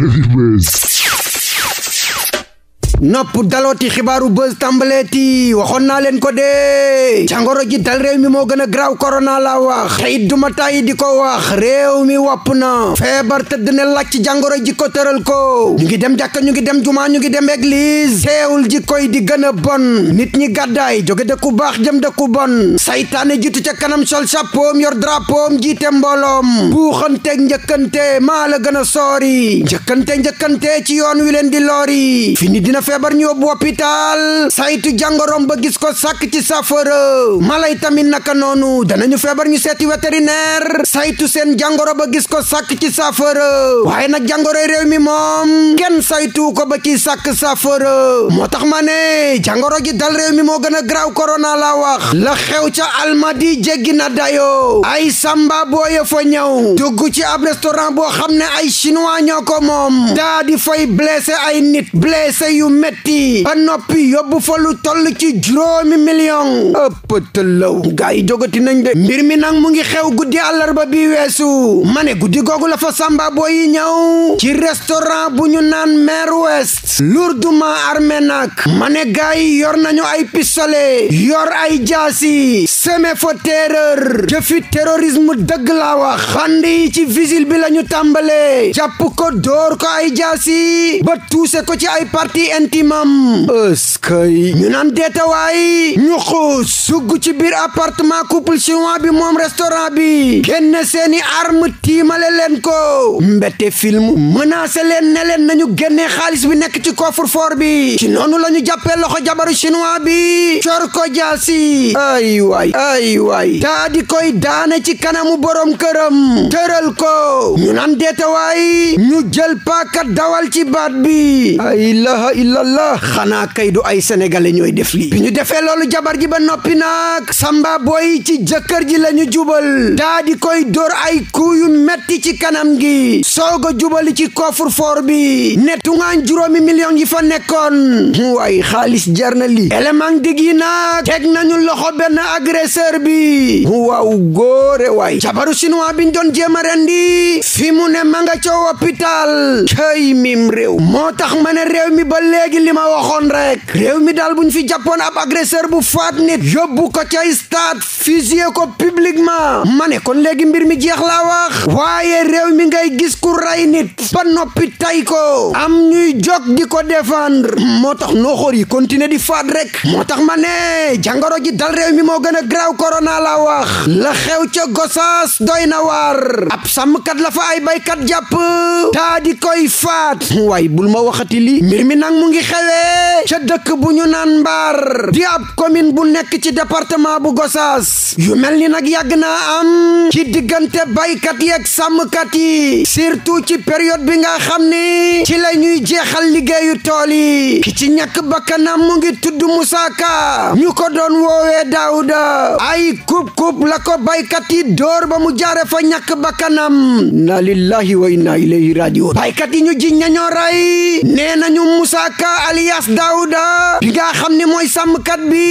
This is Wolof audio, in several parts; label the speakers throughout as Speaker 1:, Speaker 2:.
Speaker 1: Heavyweight. nopp dalooti xibaaru buzz tàmbaleeti waxoon naa leen ko dee jàngoro ji dal réew mi moo gën a graaw korona la wax te it duma tàyyi di ko wax réew mi wopp na feebar tëdd ne laaj ci jàngoro ji ko tëral ko ñu ngi dem jàkka ñu ngi dem jumaa ñu ngi dem église teewul ji yi di gën a bon nit ñi gàddaay jóge dëkku baax jëm dëkku bon saytaane jiitu ca kanam sol chapeau yor drapeau jiite mbooloom buuxanteeg njëkkante maa la gën a soori njëkkante njëkkante ci yoon feebar ñu yóbbu hôpital saytu jàngoroom ba gis ko sàkk ci saafara mala yi tamit naka noonu danañu feebar ñu seeti vétérinaire saytu seen jàngoro ba gis ko sàkk ci saafara waaye nag jàngoroy réew mi moom kenn saytu ko ba ci sàkk saafara moo tax ma ne jàngoro ji dal réew mi moo gën a graw corona la wax la xew ca almadi jéggi na dayo ay samba booye fa ñëw dugg ci ab restaurant boo xam ne ay chinois ko moom daa fay blessé ay nit blessé yu metti ba noppi yóbbu folu lu toll ci juróomi million ëppatalaw gaa yi jogati nañ de mbir mi nag mu ngi xew guddi àllarba bi weesu ma ne guddi googu la fa samba boo yi ñëw ci restaurant bu ñu naan mer west lourdement armé nag ma ne gaa yi yor nañu ay pistolet yor ay jaasi semé fa terreur jëfi terrorisme dëgg laa wax xandi ci vigile bi la ñu tàmbalee jàpp ko dóor ko ay jaasi ba tuuse ko ci ay parti intimam ëskay ñu naan deetawaay ñu xuus sugg ci biir appartement couple chinois bi moom restaurant bi kenn seeni arme tiimale leen ko mbette film menacé leen ne leen nañu génnee xaalis bi nekk ci coffre fort bi ci noonu la jàppee loxo jabaru chinois bi cor ko jaasi ay waay ay di koy daane ci kanamu borom këram tëral ko ñu naan deetawaay ñu jël paaka dawal ci baat bi illallah xanaa kayitu ay sénégalais ñooy def lii bi ñu defee loolu jabar ji ba noppi nag samba booy ci jëkkër ji la ñu jubal daa di koy dóor ay coups yu metti ci kanam gi soog a jubali ci coffre foor bi ne tungaan juróomi millions yi fa nekkoon waay xaalis jar na lii élément dig yi nag teg nañu loxo benn agresseur bi waaw góore waay jabaru chinois biñ doon rendi fi mu ne ma nga ca cay mim réew moo tax ma ne réew mi ba léegi léegi li ma waxoon rek réew mi daal buñ fi jàppoon ab agresseur bu faat nit yóbbu ko ca stade fusillé ko publiquement ma ne kon léegi mbir mi jeex laa wax waaye réew mi ngay gis ku ray nit ba noppi tay ko am ñuy jog di ko défendre moo tax nooxoor yi continuer di faat rek moo tax ma ne jàngoro ji dal réew mi moo gën a graw korona laa wax la xew ca gosaas doy na waar ab sàmmkat la fa ay baykat jàpp taa di koy faat waay bul ma waxati li mbir mi nang mu ngi ngi xewee ca dëkk bu ñu naan mbaar di ab commune bu nekk ci département bu gosaas yu mel ni nag yàgg naa am ci diggante baykat yi ak sàmmkat yi surtout ci période bi nga xam ni ci la ñuy jeexal liggéeyu tool yi ki ci ñàkk bakkanam mu ngi tudd Moussa ñu ko doon woowee Daouda ay kub kub la ko baykat yi dóor ba mu jaare fa ñakk bakkanam na lillahi wa inna ilayhi rajiun baykat ñu jiñ ñañoo nee nañu Moussa ka alias Daouda bi nga xam ni mooy sàmmkat bi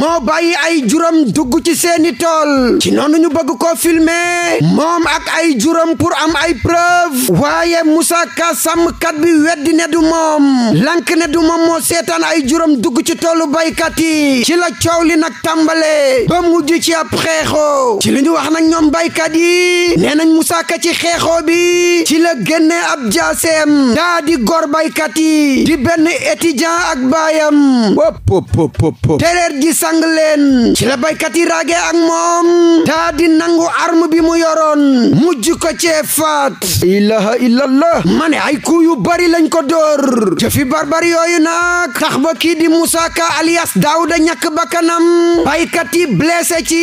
Speaker 1: moo bàyyi ay juram dugg ci seeni tool ci noonu ñu bëgg koo filmer moom ak ay juram pour am ay preuve waaye Moussa Ka sàmmkat bi weddi ne du moom lank ne du moom moo seetaan ay juram dugg ci toolu baykat yi ci la coow li nag tàmbale ba mujj ci ab xeexoo ci li ñu wax nag ñoom baykat yi nee nañ Moussa ci xeexoo bi ci la génne ab jaaseem daa di gor baykat yi di benn benn étudiant ak baayam pop pop pop téeréer ci la baykat yi raage ak moom taa di nangu arme bi mu yoroon mujj ko cee faat ilaha illallah ne ay ku yu bari lañ ko dóor jëfi barbar yooyu nag tax ba kii di Moussa Ka alias Daouda ñàkk bakkanam baykat yi blessé ci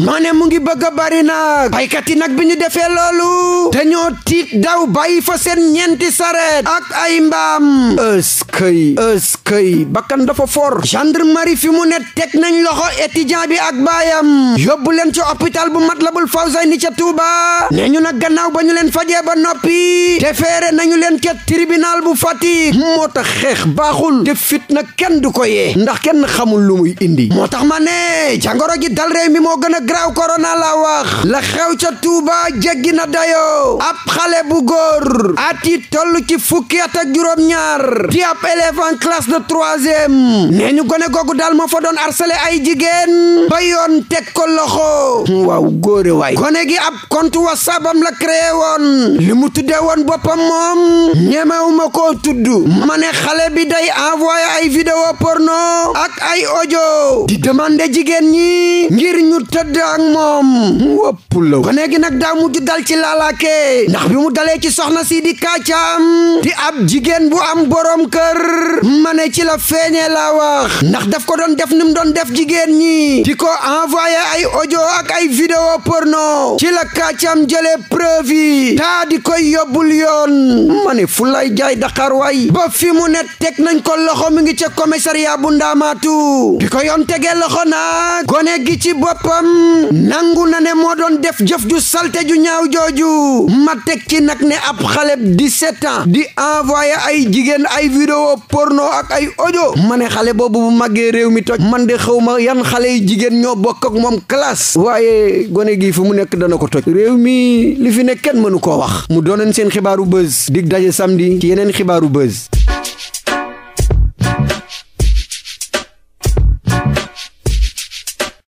Speaker 1: ma mu ngi bëgg a bari nag baykat yi nag bi ñu defee loolu dañoo tiit daw bàyyi fa seen ñeenti saret ak ay mbaam ëskëy ëskëy këy bakkan dafa for gendarmerie fi mu ne teg nañ loxo étudiant bi ak baayam yóbbu leen ci hôpital bu Matlabul Fawzayni ca Touba ne ñu nag gannaaw ba ñu leen fajee ba noppi te feere nañu leen ca tribunal bu Fatick moo tax xeex baaxul te fitna kenn du ko yee ndax kenn xamul lu muy indi moo tax ma ne jàngoro ji dal réew mi moo gën a graaw korona la wax la xew ca Touba jéggi na dayoo ab xale bu góor at yi toll ci fukki at juróom ñaar di ab élève en nekk troisième nee gone googu daal ma fa doon harcelé ay jigéen bayoon yoon teg ko loxo waaw góore waay gone gi ab compte whatsapp am la créé woon li mu tuddee woon boppam moom ñemewuma ko tudd mane xale bi day envoyé ay vidéo no ak ay ojo di demandé jigéen ñi ngir ñu tëdd ak moom wëpp la gone gi nag daa mujj dal ci laalaakee ndax bi mu dalee ci soxna si di kàccaam di ab jigéen bu am borom kër ma ne waaye ci la feeñee laa wax ndax daf ko doon def ni doon def jigéen ñi di ko envoyé ay audio ak ay vidéo porno ci la kàccam jëlee preuve yi taa di koy yóbbul yoon ma ne fu lay jaay Dakar waay ba fi mu ne teg nañ ko loxo mi ngi ca commissariat bu ndaamaatu di ko yoon tegee loxo nag gone gi ci boppam nangu na ne moo doon def jëf ju salte ju ñaaw jooju ma teg ci nag ne ab xale di ans di envoyé ay jigéen ay vidéo porno ak ay audio ma ne xale boobu bu màggee réew mi toj man de xawma yan xale yi jigéen ñoo bokk ak moom classe waaye gone gi fu mu nekk dana ko toj réew mi li fi nekk kenn mënu koo wax mu dooneen seen xibaaru buzz dig daje samdi ci yeneen xibaaru buzz